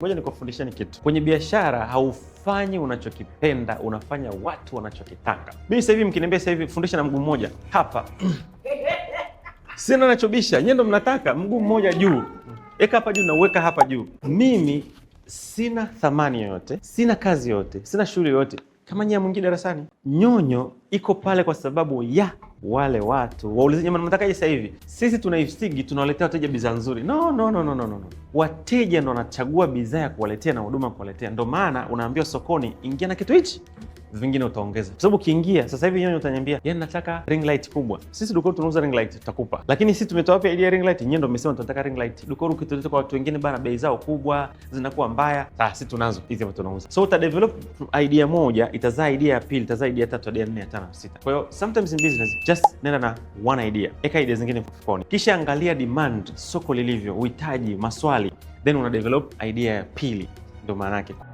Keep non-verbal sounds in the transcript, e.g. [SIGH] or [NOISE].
Ngoja nikufundisheni kitu. Kwenye biashara haufanyi unachokipenda, unafanya watu wanachokitaka. Mimi sasa hivi mkiniambia sasa hivi fundisha na mguu mmoja hapa [CLEARS THROAT] sina nachobisha, nyie ndo mnataka mguu mmoja juu, eka hapa juu, nauweka hapa juu. Mimi sina thamani yoyote, sina kazi yoyote, sina shughuli yoyote kama nyie mwingine darasani. Nyonyo iko pale kwa sababu ya wale watu waulize, jamani, mnatakaje sasa hivi? Sisi tunaifsigi tunawaletea wateja bidhaa nzuri. No, no, no, no, no, no. Wateja ndo wanachagua bidhaa ya kuwaletea na huduma kuwaletea. Ndo maana unaambiwa sokoni, ingia na kitu hichi vingine utaongeza, kwa sababu ukiingia sasa hivi nyinyi utaniambia, yani nataka ring light kubwa. Sisi dukani tunauza ring light, tutakupa, lakini sisi tumetoa wapi ile ring light? Nyinyi ndio mmesema tunataka ring light. Dukani ukitoleta kwa watu wengine bana, bei zao kubwa zinakuwa mbaya. Sasa ah, sisi tunazo hizi hapa, tunauza. So uta develop idea moja, itazaa idea ya pili, itazaa idea ya tatu, idea ya nne, ya tano, ya sita. Kwa hiyo sometimes in business just nenda na one idea, eka idea zingine mfukoni, kisha angalia demand, soko lilivyo, uhitaji, maswali, then una develop idea ya pili, ndio maana yake.